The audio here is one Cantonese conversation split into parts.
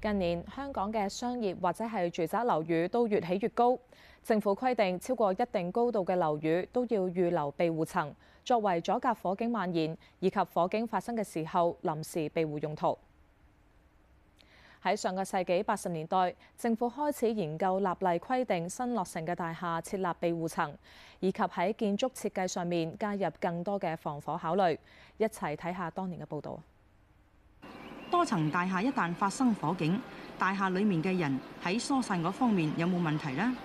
近年香港嘅商業或者係住宅樓宇都越起越高，政府規定超過一定高度嘅樓宇都要預留庇護層，作為阻隔火警蔓延以及火警發生嘅時候臨時庇護用途。喺上個世紀八十年代，政府開始研究立例規定新落成嘅大廈設立庇護層，以及喺建築設計上面加入更多嘅防火考慮。一齊睇下當年嘅報導。多層大廈一旦發生火警，大廈裏面嘅人喺疏散嗰方面有冇問題呢？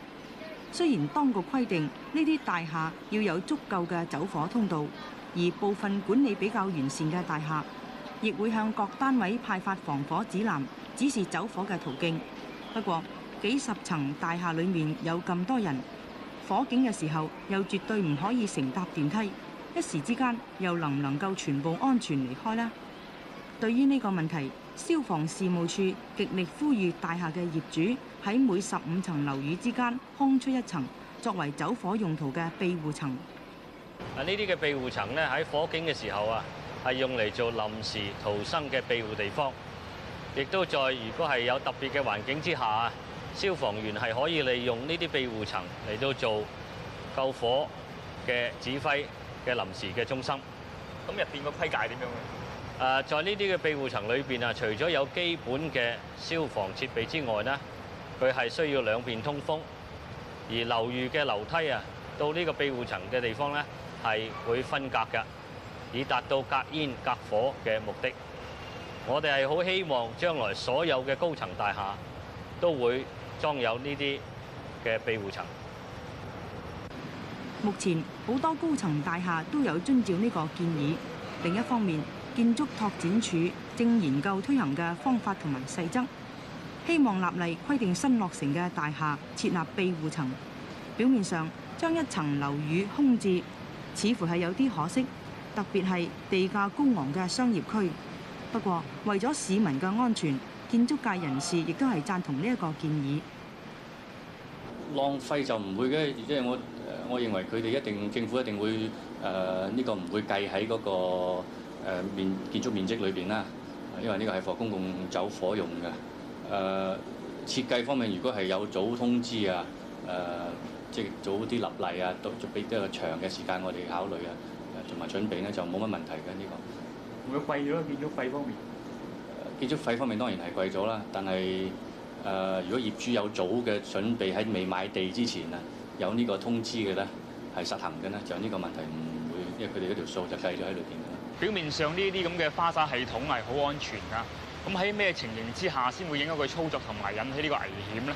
雖然當局規定呢啲大廈要有足夠嘅走火通道，而部分管理比較完善嘅大廈，亦會向各單位派發防火指南，指示走火嘅途徑。不過，幾十層大廈裏面有咁多人，火警嘅時候又絕對唔可以乘搭電梯，一時之間又能唔能夠全部安全離開呢？對於呢個問題，消防事務處極力呼籲大廈嘅業主喺每十五層樓宇之間空出一層，作為走火用途嘅庇護層。啊，呢啲嘅庇護層咧，喺火警嘅時候啊，係用嚟做臨時逃生嘅庇護地方。亦都在如果係有特別嘅環境之下啊，消防員係可以利用呢啲庇護層嚟到做救火嘅指揮嘅臨時嘅中心。咁入邊個規例點樣？誒，在呢啲嘅庇護層裏邊啊，除咗有基本嘅消防設備之外咧，佢係需要兩邊通風，而樓宇嘅樓梯啊，到呢個庇護層嘅地方呢，係會分隔㗎，以達到隔煙隔火嘅目的。我哋係好希望將來所有嘅高層大廈都會裝有呢啲嘅庇護層。目前好多高層大廈都有遵照呢個建議。另一方面，建築拓展署正研究推行嘅方法同埋細則，希望立例規定新落成嘅大廈設立庇護層。表面上將一層樓宇空置，似乎係有啲可惜，特別係地價高昂嘅商業區。不過為咗市民嘅安全，建築界人士亦都係贊同呢一個建議。浪費就唔會嘅，即係我，我認為佢哋一定政府一定會誒呢、呃呢個唔會計喺嗰個。誒面建築面積裏邊啦，因為呢個係放公共走火用嘅。誒、呃、設計方面，如果係有早通知啊，誒、呃、即係早啲立例啊，都俾一個長嘅時間我哋考慮啊，同埋準備呢就冇乜問題嘅呢、呢個。會，會貴咗建築費方面，啊？建築費方面當然係貴咗啦，但係誒、呃，如果業主有早嘅準備喺未買地之前啊，有呢個通知嘅呢，係實行嘅呢。就呢個問題唔會，因為佢哋嗰條數就計咗喺裏邊表面上呢啲咁嘅花灑系統係好安全㗎，咁喺咩情形之下先會影響佢操作同埋引起呢個危險咧？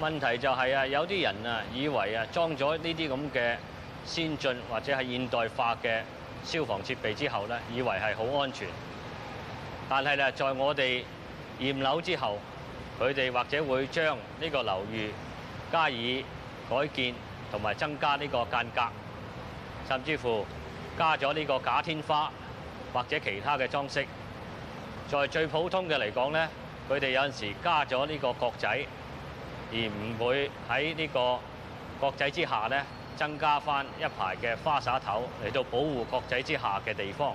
問題就係啊，有啲人啊以為啊裝咗呢啲咁嘅先進或者係現代化嘅消防設備之後咧，以為係好安全，但係咧在我哋驗樓之後，佢哋或者會將呢個樓宇加以改建同埋增加呢個間隔，甚至乎加咗呢個假天花。或者其他嘅裝飾，在最普通嘅嚟講呢，佢哋有陣時加咗呢個角仔，而唔會喺呢個角仔之下呢，增加翻一排嘅花灑頭嚟到保護角仔之下嘅地方。